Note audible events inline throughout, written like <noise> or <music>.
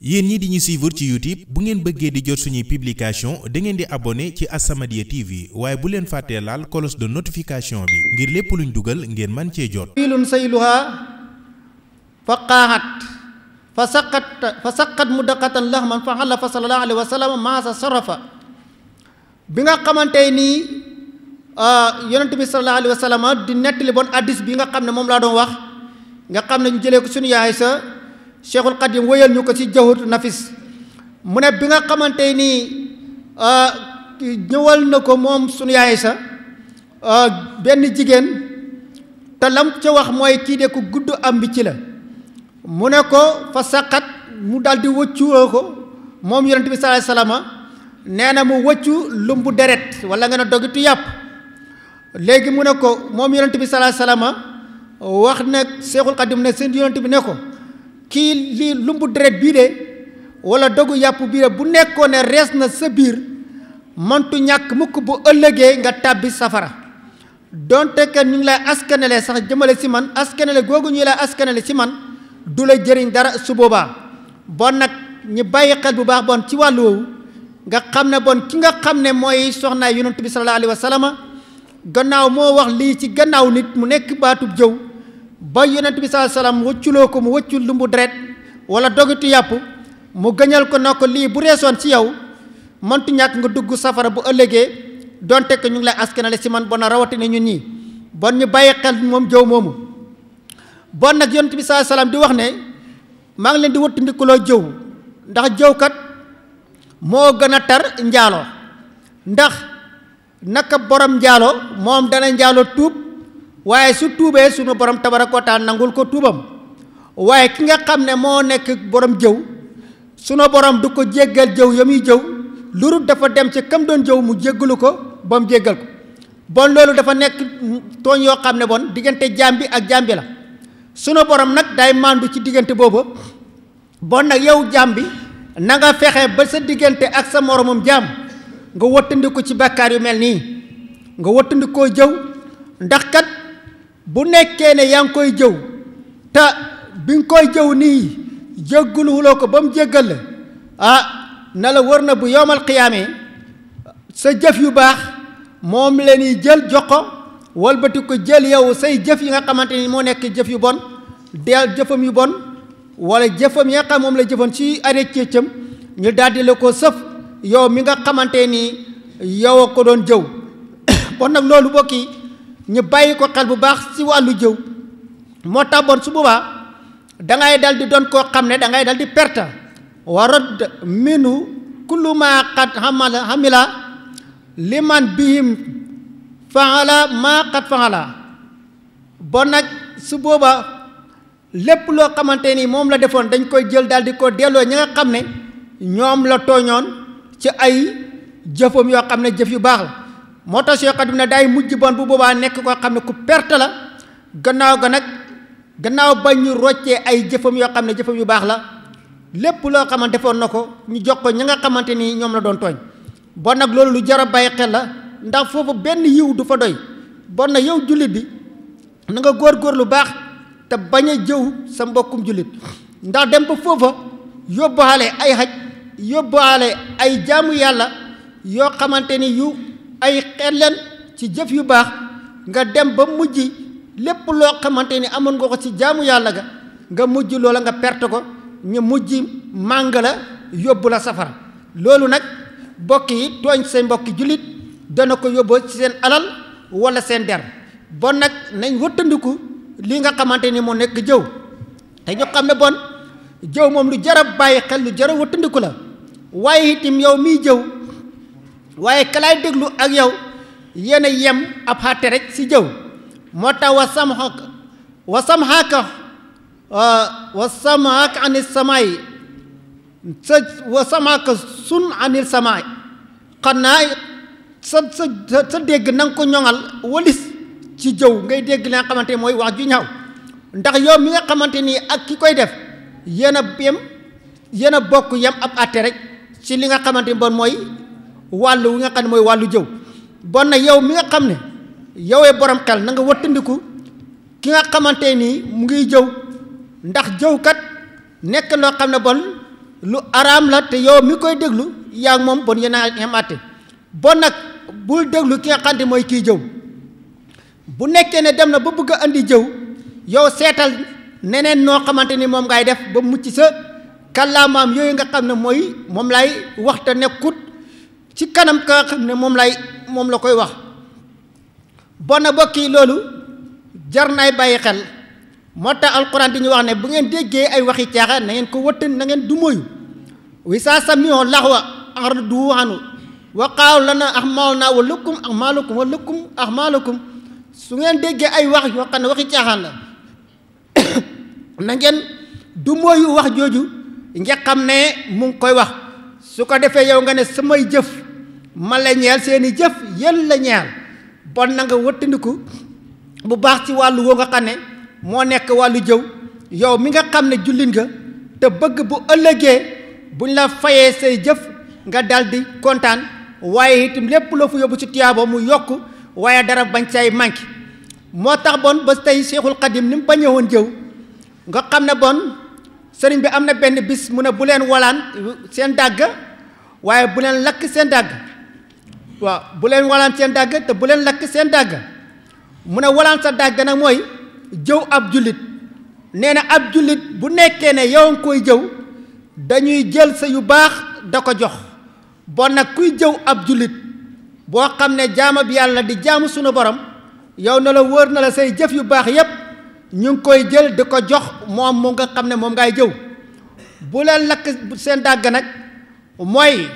yéen ñi di ñu suivre ci YouTube bu ngeen bëggee di jot suñuy publication da ngeen di abonné ci As-Samadiyya TV waaye bu leen fàttee laal kolos de notification bi ngir lépp luñ dugal ngeen man cee jot wiilun sayluhaa fa qaaxat fa saqat fa saqat mudaqatan man fa xala fa sallallahu alayhi wa sallam maasa sarafa bi nga xamante nii ah, yonent bi sallallahu alayhi wa di nettali bon addis bi nga xam ne moom laa doon wax nga xam ne ñu jëlee ko suñu yaay sa cheikhul xadim wéyal ñu ko ci jawhatu nafis mu ne bi nga xamante nii ah, ñëwal na ko moom sunu yaay sa ah, benn jigéen te lam ca wax mooy kii de ku gudd am bi ci la mu ne ko fa saqat mu daldi wëcculoo ko moom yonent bi sallallahu alayhi nee na mu wëccu lumbu deret wala nga ne dogitu yàpp léegi mu ne ko moom yonent bi sallallahu alayhi wax na seexul xadim ne seen yonent bi ne ko kii lii lumbu deret bii de wala dogu yàpp bii bu nekkoon ne rees na sa biir mantu ñàkk mukk bu ëllëgee nga tàbbi safara donte que ñu ngi lay askanale sax jëmale si man askanale googu ñu lay askanale si man du la jëriñ dara su boobaa bon nag ñu bàyyi xel bu baax bon ci wàllu nga xam ne bon ki nga xam ne mooy soxnaay yonent bi sallallahu alayhi gannaaw moo wax lii ci gannaaw nit mu nekk baatub jëw bon yonent bi saa salaam wëcculoo ko mu wëccul lu mu deret wala dogitu yàpp mu gëñal ko na ko lii bu reesoon ci yow mëntu ñàkk nga dugg safara bu ëllëgee donte ko ñu ngi lay askanale si man bon a rawatina ñu nii bon ñu bàyyi xel moom jëw moomu bon nag yonent bi saa salaam di wax ne maa ngi leen di wëttu ndikuloo jëw ndax jëwkat moo gën a tar njaaloo ndax naka borom njaaloo moom dana njaaloo tuub waaye su tuubee sunu borom tabaraka wa taala nangul ko tuubam waaye ki nga xam ne moo nekk borom jëw sunu borom du ko jéggal jëw ya muy jëw lurut dafa dem ci kam doon jëw mu jéggalu ko ba mu jéggal ko bon loolu dafa nekk tooñ yoo xam ne bon diggante jaam bi ak jaam bi la sunu borom nag day màndu ci diggante boobu bon nag yow jaam bi na nga fexe ba sa diggante ak sa moromam jaam nga wëttandi ko ci bàkkaar yu mel nii nga wëttandi koo jëw ndax kat bu nekkee ne yaa ngi koy jëw te bi nga koy jëw nii jégguluwuloo ko ba mu jéggal la ah na la wër na bu yowmal xiyaamee sa jëf yu baax moom leeni jël jox ko walbati ko jël yow say jëf yi nga xamante ni moo nekk jëf yu bon deel jëfam yu bon wala jëfam yi xam moom la jëfoon ci are céecam ñu daldi la ko sëf yow mi nga xamante ni yow a ko doon jëw kon <coughs> nag loolu bokki ñu bàyyi ko xel bu baax si wàllu jëw moo tàbboon su boobaa dangay dal di doon koo xam ne dangay dal di perte wa rodd minu kullu maa xat xamala xamila liman bihim faxala maa xat bon nag su booba lépp loo xamante ni moom la defoon dañ koy jël daal di ko delloo ñi nga xam ne ñoom la tooñoon ci ay jëfam yoo xam ne jëf yu baax la moo tax Cheikh Xadim ne day mujj bon bu boobaa nekk koo xam ne ku perte la gannaaw ga nag gannaaw bañ ñu roccee ay jëfam yoo xam ne jëfam yu baax la lépp loo xamante defoon na ko ñu jox ko ñi nga xamante ni ñoom la doon tooñ bon nag loolu lu jar a bàyyi xel la ndax foofu benn yiw du fa doy bon na yow jullit bi na nga góor-góor lu baax te bañ a jëw sa mbokkum jullit ndax dem ba foofa yóbbaale ay xaj yóbbaale ay jaamu yàlla yoo xamante ni yu ay xelleen ci jëf yu baax nga dem ba mujj lépp loo xamante ni amoon nga ko ci jaamu yàlla ga nga mujj loola nga perte ko ñu mujj màng la yóbbu la safara loolu nag mbokk yi tooñ say mbokki jullit dana ko yóbboo ci seen alal wala seen der bon nag nañ wëttandiku li nga xamante ni moo nekk jëw te ñu xam ne bon jëw moom lu jara a bàyyi xel lu jar wëttandiku la waaye itam yow miy jëw waaye kalaay déglu ak yow yéen a yem ab xàtte rek si jëw moo tax wa samxaka wa samxaka euh, wa samxaka anil samaay sa wa samxaka sun anil samaay xanaa sa sa sa dégg na ko ñoŋal walis ci jëw ngay dégg li xamante ni mooy wax ju ñaaw ndax yow mi nga xamante ni ak ki koy def yéen a yem yéen a bokk yem ab àtte rek ci li nga xamante ni bon mooy wàllu wi nga xam ne mooy wàllu jëw bon nag yow mi nga xam ne yowee borom xel na nga wattandiku ki nga xamante nii mu ngi jëw ndax jëw kat nekk loo xam ne bon lu araam la te yow mi koy déglu yaa moom bon yéen a am àtte bon nag bul déglu ki nga xam ne mooy kii jëw bu nekkee ne dem na ba bëgg a andi jëw yow seetal neneen noo xamante ni moom ngay def ba mucc sa kàllaamaam yooyu nga xam ne mooy moom lay waxta nekkut ci kanam ka xam ne moom lay moom la koy wax bon na bokki loolu jar naay bàyyi xel moo tax alxuraan di ñu wax ne bu ngeen déggee ay waxi caaxaan na ngeen ko wëttan na ngeen dumóoyu wi saa samioo laxwa ardu anu wa qaalu lanaa ahmaalunaa wa lakum ahmaalukum wa lakum ahmaalukum su ngeen déggee ay wax yoo ne waxi caaxaan la <coughs> na ngeen dumóoyu wax jooju nga xam ne mu ngi koy wax su ko defee yow nga ne samay jëf ma la ñeel seeni jëf yéen la ñeel bon na nga wëttandiku bu baax ci wàllu woo nga xam ne moo nekk wàllu jëw yow mi nga xam ne jullit nga te bëgg bu ëllëgee buñ la fayee say jëf nga daldi kontaan waaye itam lépp loo fu yóbbu ci tiyaabo mu yokk waaye dara bañ say manqué moo tax bon ba tey Cheikhul Xadim ni mu bañee woon jëw nga xam ne bon sëriñ bi am na benn bis mu ne bu leen walaan seen dàgg waaye bu leen lakk seen dàgg waaw bu leen walaan seen dàgg te bu leen lakk seen dàgg mu ne walaan sa dàgg nag mooy jëw ab jullit nee na ab jullit bu nekkee ne yow nga koy jëw dañuy jël sa yu baax da ko jox bon nag kuy jëw ab jullit boo xam ne jaamab yàlla di jaamu sunu borom yow na la wóor na la say jëf yu baax yépp ñu ngi koy jël di ko jox moom mu nga xam ne moom ngay jëw bu leen lakk seen dàgg nag mooy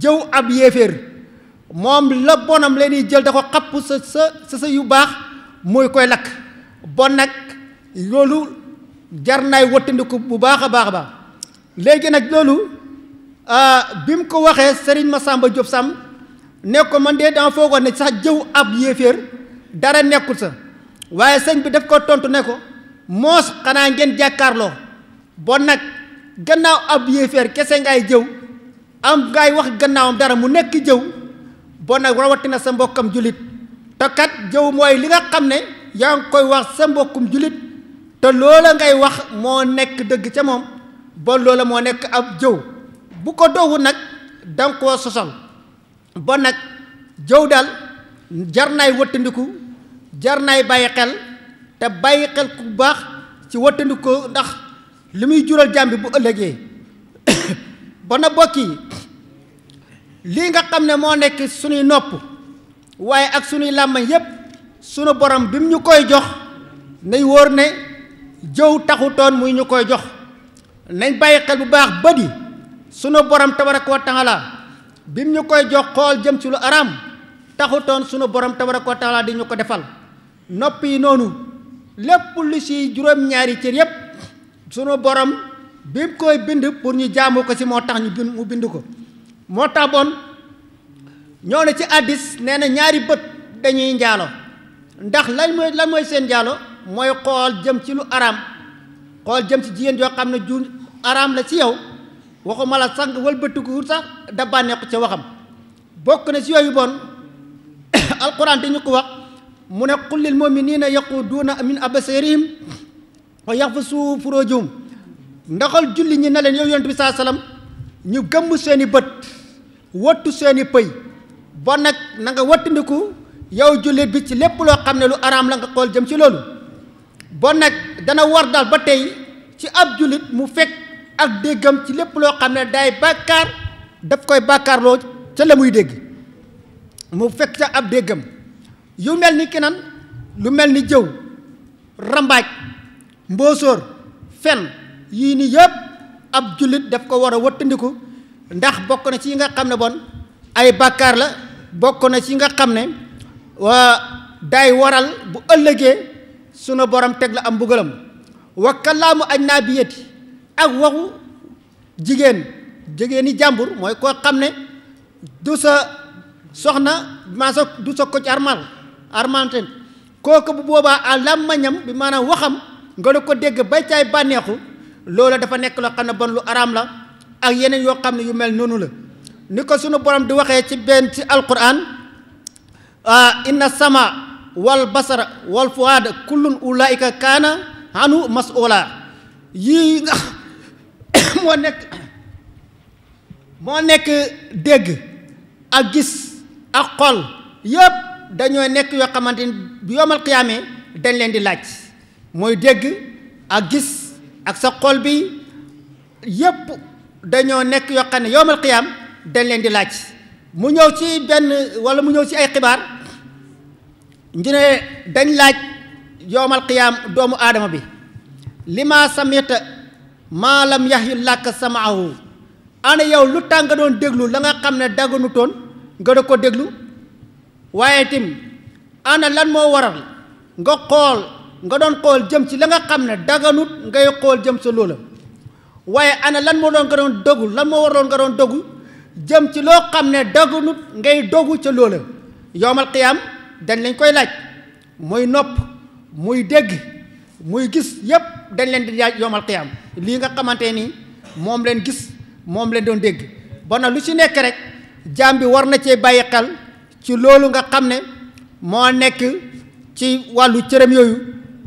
jëw ab yéeféer moom la bonam leen jël da ko xapp sa sa sa yu baax muy koy lakk bon nag loolu jar naay wattandiku bu baax a baax a baax léegi nag loolu ah, bi mu ko waxee Serigne ma Diop Samb sàmm ko man de dama foogoon ne sax jëw ab yéeféer dara nekkul sa waaye sëñ bi daf ko tontu ne ko moos xanaa ngeen jàkkaarloo bon nag gannaaw ab yéeféer kese ngay jëw am ngay wax gannaawam dara mu nekk jëw bon nag rawatina sa mbokkam jullit te kat jëw li nga xam ne yaa ngi koy wax sa mbokkum jullit te loola ngay wax moo nekk dëgg ca moom bon loola moo nekk ab jëw bu ko doowu nag danga koo sosal bon nag jëw daal jar naay wëttandiku jar nay bàyyi xel te bàyyi xel ku baax ci wattandi ko ndax li muy jural jàmbi bi bu ëllëgee <coughs> ba na bokk yi lii nga xam ne moo nekk suñuy nopp waaye ak suñuy làmmañ yépp sunu borom bi mu ñu koy jox nañ wóor ne jëw taxutoon muy ñu koy jox nañ bàyyi xel bu baax bët yi sunu borom tabaraka wa taala bi mu ñu koy jox xool jëm ci lu araam taxutoon sunu borom tabaraka wa taala di ñu ko defal nopp yi noonu lépp lu ci juróom-ñaari cër yépp sunu borom bi koy bind pour ñu jaamu ko ci moo tax ñu bind mu bind ko moo tax bon ñoo ne ci addis nee na ñaari bët dañuy njaalo ndax lañ mooy lan mooy seen njaalo mooy xool jëm ci lu araam xool jëm ci jigéen yoo xam ne ju araam la ci yow waxuma la sànq wëlbatiku sax da ca waxam bokk na ci yooyu bon <coughs> alxuraan dañu ko wax mu ne qul lil muminina yaquduuna min abasarihim wa yaxfasu furujum ndaxal julli ñi na leen yow yonent bi saa salaam ñu gëmm seeni i bët wattu seeni pëy ba nag nanga nga yow jullit bi ci lépp loo xam ne lu araam la nga xool jëm ci loolu ba nag dana war daal ba tey ci ab jullit mu fekk ak déggam ci lépp loo xam ne daay bàkkaar daf koy bàkkaarloo ca la muy dégg mu fekk ca ab déggam yu mel ni kenaan lu mel ni jëw rambaaj mboosóor fen yii nii yëpp ab jullit daf ko war a wattandiku ndax bokk na ci yi nga xam ne bon ay bàkkaar la bokk na ci nga xam ne waa day waral bu ëllëgee sunu boroom teg la am mbugalam wa kalaamu annaabiyati ak waxu jigéen jigéeni jàmbur mooy koo xam ne du sa soxna maa sa du sa ko ci Argentine kooku bu boobaa à làmmañam bi maanaam waxam nga la ko dégg bay caay bànneexu loola dafa nekk loo xam ne bon lu araam la ak yeneen yoo xam ne yu mel noonu la ni ko sunu borom di waxee ci benn ci alquran inna sama wal basara wal fuaada kullun ulaika kaana hanu masula yii nga <coughs> moo nekk moo nekk dégg ak gis ak xol yëpp dañoo nekk yoo xamante ni bu yomal xiyaamee dañ leen di laaj mooy dégg ak gis ak sa xol bi yépp dañoo nekk yoo xam ne yomal xiyaam dañ leen di laaj mu ñëw ci benn walla mu ñëw ci ay xibaar ñu dañ laaj yowmal xiyaam doomu aadama bi li maa samita yax lam yaxyu làkk samaahu ana yow lu tàng doon déglu la nga xam ne daganu toon nga da ko déglu waaye tim ana lan moo waral nga xool nga doon xool jëm ci la nga xam ne daganut ngay xool jëm sa loola waaye anna lan moo doon nga doon dogu lan moo waroon nga doon dogu jëm ci loo xam ne daganut ngay dogu ca loola yowmal qiyaam dañ lañ koy laaj muy nopp muy dégg muy gis yépp dañ leen di laaj yowmal qiyaam lii nga xamante nii moom leen gis moom leen doon dégg ba lu ci nekk rek jaam bi war na cee bàyyi xel ci loolu nga xam ne moo nekk ci wàllu cëram yooyu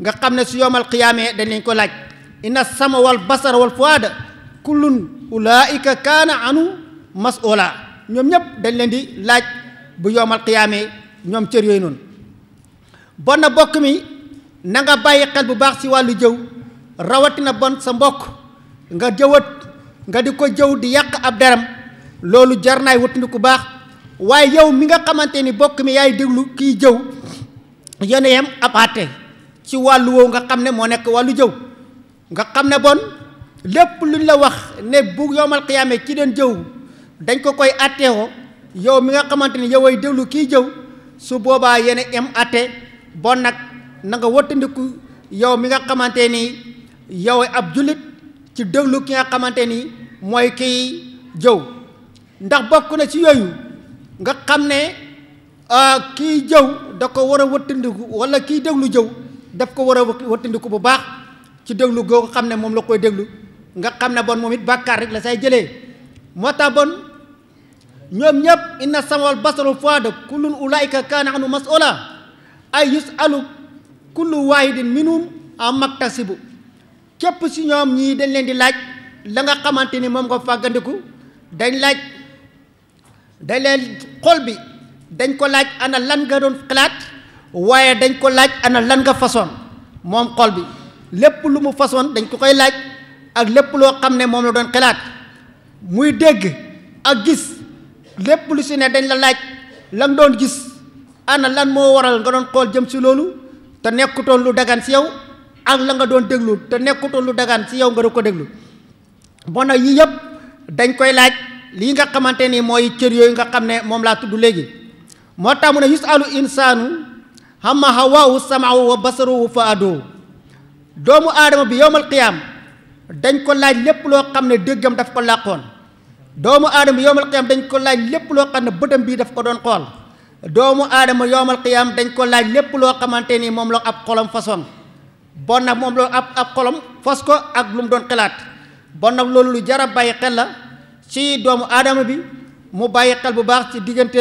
nga xam ne su yowmal qiyaamee danañ ko laaj inna sama wal basara da fuaada kullun ulaika kaana anu mas'ula ñoom ñëpp dañ leen di laaj bu yowmal qiyaamee ñoom cër yooyu noonu bon na bokk mi na nga bàyyi xel bu baax ci wàllu jëw rawatina bon sa mbokk nga jëwat nga di ko jëw di yàq ab deram loolu jar naay ku baax waaye yow mi nga xamante ni bokk mi yaay déglu kii jëw yene ab àtte ci wàllu woowu nga xam ne moo nekk wàllu jëw nga xam ne bon lépp luñ la wax ne bu yowmal xiyaame ci doon jëw dañ ko koy àtteewoo yow mi nga xamante ni yow déglu kii jëw su boobaa yene yem àtte bon nag na nga yow mi nga xamante ni yow ab jullit ci déglu ki nga xamante ni mooy kii jëw ndax bokk na ci yooyu nga xam ne kii jëw da ko war a wëttandiku wala kii déglu jëw daf ko war a wëttandiku bu baax ci déglu goo xam ne moom la koy déglu nga xam ne bon moom it bàkkaar rek la say jëlee moo tax bon ñoom ñëpp inna samawal basaru fuada kullun ulaayka kaana anu mas'ula ay yusalu kullu waahidin minhum am maktasibu képp si ñoom ñii dañ leen di laaj la nga xamante ni moom nga fàggandiku dañ laaj dañ xool bi dañ ko laaj ana lan nga doon xalaat waaye dañ ko laaj ana lan nga façon moom xool bi lépp lu mu façon dañ ko koy laaj ak lépp loo xam ne moom la doon xalaat muy dégg ak gis lépp lu si ne dañ la laaj lan doon gis ana lan moo waral nga doon xool jëm si loolu te nekkutoon lu dagan si yow ak la nga doon déglu te nekkutoon lu dagan si yow nga doon ko déglu bon nag yii yëpp dañ koy laaj lii nga xamante ni mooy cër yooyu nga xam ne moom laa tudd léegi moo tax mu ne yusalu insaanu xamma hawaahu samaahu wa basaruhu fa adoo doomu aadama bi yowmal qiyaam dañ ko laaj lépp loo xam ne déggam daf ko làqoon doomu aadama bi yowmal qiyaam dañ ko laaj lépp loo xam ne bëtam bii daf ko doon xool doomu aadama yowmal qiyaam dañ ko laaj lépp loo xamante ni moom la ab xolom façon bon nag moom loo ab ab xolam fas ko ak lum doon xalaat bon nag loolu lu jar a bàyyi xel la ci doomu aadama bi mu bàyyi xel bu baax ci diggante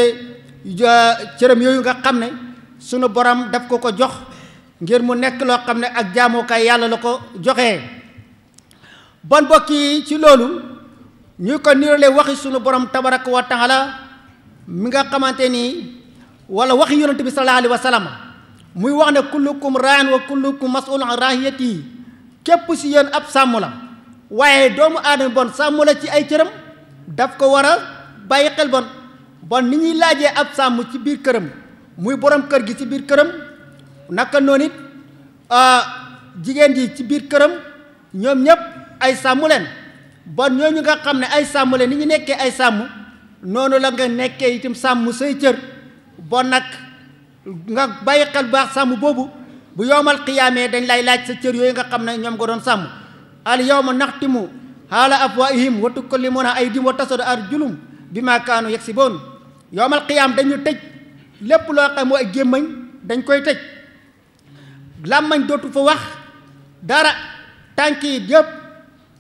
cëram yooyu nga xam ne sunu borom daf ko ko jox ngir mu nekk loo xam ne ak jaamukaay yàlla la ko joxee bon mbokk yi ci loolu ñu ko nirale waxi sunu borom tabarak wa taala mi nga xamante nii wala waxi yonent bi sallallahu alayhi wa sallam muy wax ne kullukum raan wa kullukum mas'ul an rahiyati képp si yéen ab sàmm la waaye doomu aadama bon sàmm la ci ay cëram daf ko war a bàyyi xel bon bon ni ñuy laajee ab sàmm ci biir këram muy boroom kër gi ci biir këram naka noonu it ah, jigéen ji ci biir këram ñoom ñëpp ay sàmm leen bon ñooñu nga xam ne ay sàmm leen ni ñu nekkee ay sàmm noonu la nga nekkee itam sàmm say cër bon nag nga bàyyi xel baax sàmm boobu bu yowmal xiyaamee dañ lay laaj sa cër yooyu nga xam ne ñoom nga doon sàmm al yawma naxtimu ab haala afwaihim wa tukallimuna aydihim wa tasadu arjulum bi ma kaanu yaksiboon yowmal qiyaam dañu tëj lépp loo xam mooy gémmañ dañ koy tëj làmmañ dootu fa wax dara tànk yi yëpp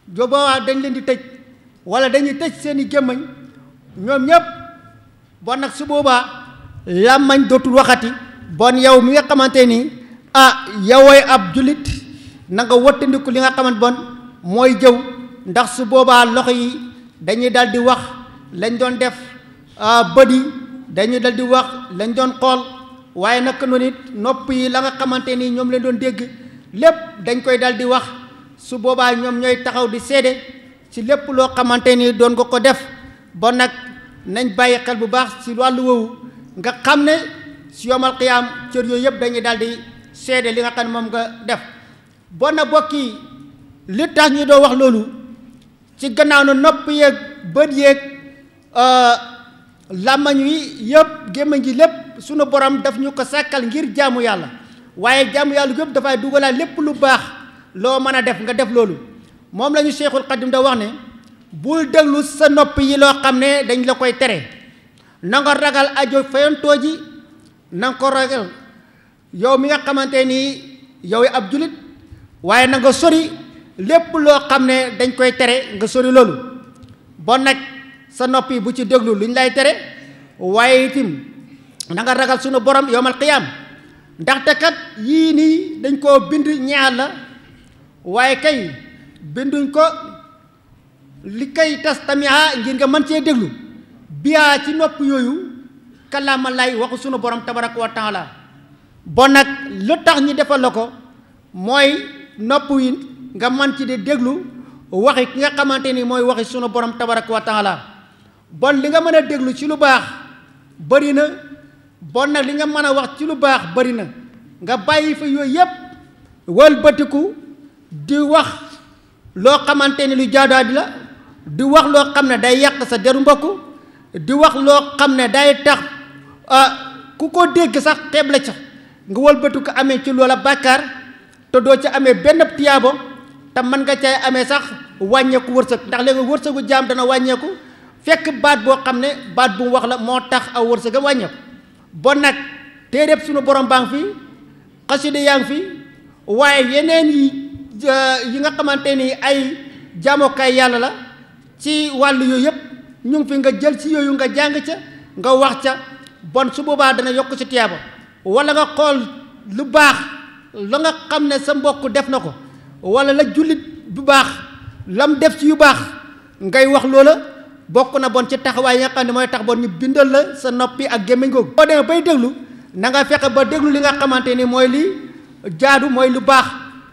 boobaa dañ leen di tëj wala dañuy tëj seeni gémmañ ñoom ñëpp bon nag su boobaa làmmañ dootul waxati bon yow mi nga xamante nii ah yowooy ab jullit na nga wattandiku li nga xaman bon mooy jëw ndax su boobaa loxo yi dañuy dal di wax lañ doon def ah, bët yi dañuy dal di wax lañ doon xool waaye naka noonu it nopp yi la nga xamante ni ñoom lañ doon dégg lépp dañ koy dal di wax su boobaa ñoom ñooy taxaw di seede ci lépp loo xamante ni doon nga ko def bon nag nañ bàyyi xel bu baax ci wàllu woowu nga xam ne si yomal xiyaam cër yooyu yëpp dañuy daal di seede li nga xam ne nga def bon na bokki li tax ñu doo wax loolu ci gannaaw na nopp yeeg bët yeeg euh, làmmañ wi yëpp gémmiñ gi lépp sunu borom daf ñu ko sàkkal ngir jaamu yàlla waaye jàmm yàlla yëpp dafay dugalaa lépp lu baax loo mën a def nga def loolu moom la ñu Cheikhul Xadim da wax ne bul déglu sa nopp yi loo xam ne dañ la koy tere nanga nga ragal ajo fayantoo ji nanga nga ko ragal yow mi nga xamante nii yow ab julit waaye nanga sori lépp loo xam ne dañ koy tere nga sori loolu bon nag sa noppi bu ci déglu lu lay tere waaye itim na ragal sunu borom yowmal qiyaam ndaxte kat yii nii dañ koo bind ñaar la waaye kay binduñ ko li kay tas tamiha ngir nga mën cee déglu biyaa ci nopp yooyu kalaama lay waxu sunu borom tabaraka wa taala bon nag lu tax ñi defal la ko mooy nopp wi nga man ci di déglu waxi ki nga xamante ni mooy waxi sunu borom tabaraka wa taala bon li nga mën a déglu ci lu baax bëri na bon nag li nga mën a wax ci lu baax bëri na nga bàyyi fa yooyu yépp walbatiku di wax loo xamante ni lu jaadaadi la di wax loo xam ne day yàq sa deru mbokk di wax loo xam ne day tax ku ko dégg sax xeeb la ca nga walbatiku amee ci loola bàkkaar te doo ci amee benn tiyaabo te mën nga cay amee sax wàññeeku wërsëg ndax léegi wërsëgu jaam dana wàññeeku fekk baat boo xam ne baat bu mu wax la moo tax aw a wàññeeku bon nag téereb suñu borom baa ngi fi xasida yaa ngi fi waaye yeneen yi euh, yi nga xamante ni ay jaamokaay yàlla la ci wàll yooyu yëpp ñu fi nga jël ci yooyu nga jàng ca nga wax ca bon su boobaa dana yokk ci tiyaaba wala nga xool lu baax la nga xam ne sa mbokk def na ko wala la jullit bu baax lam def ci yu baax ngay wax loola bokk na bon ci taxawaay yi ne mooy tax bon ñu bindal la sa noppi ak gémmiñ googu boo demee bay déglu nanga nga fexe ba déglu li nga xamante ni mooy li jaadu mooy lu baax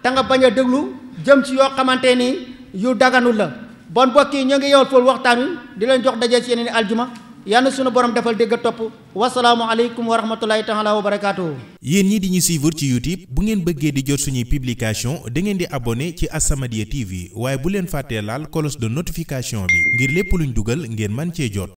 te nga bañ a déglu jëm ci yoo xamante ni yu daganul la bon mbokk yi ñoo ngi yowal foofu waxtaan wi di leen jox daje ci yeneen i aljuma yàlla sunu borom defal dégg topp wasalaamualeykum wa rahmatulahi taala wa barakaatu. yéen ñi di ñu suivre ci youtube bu ngeen bëggee di jot suñuy publication da ngeen di abonné ci As-Samadiyya TV waaye bu leen fàttee laal cloche de notification bi ngir lépp luñ dugal ngeen mën cee jot.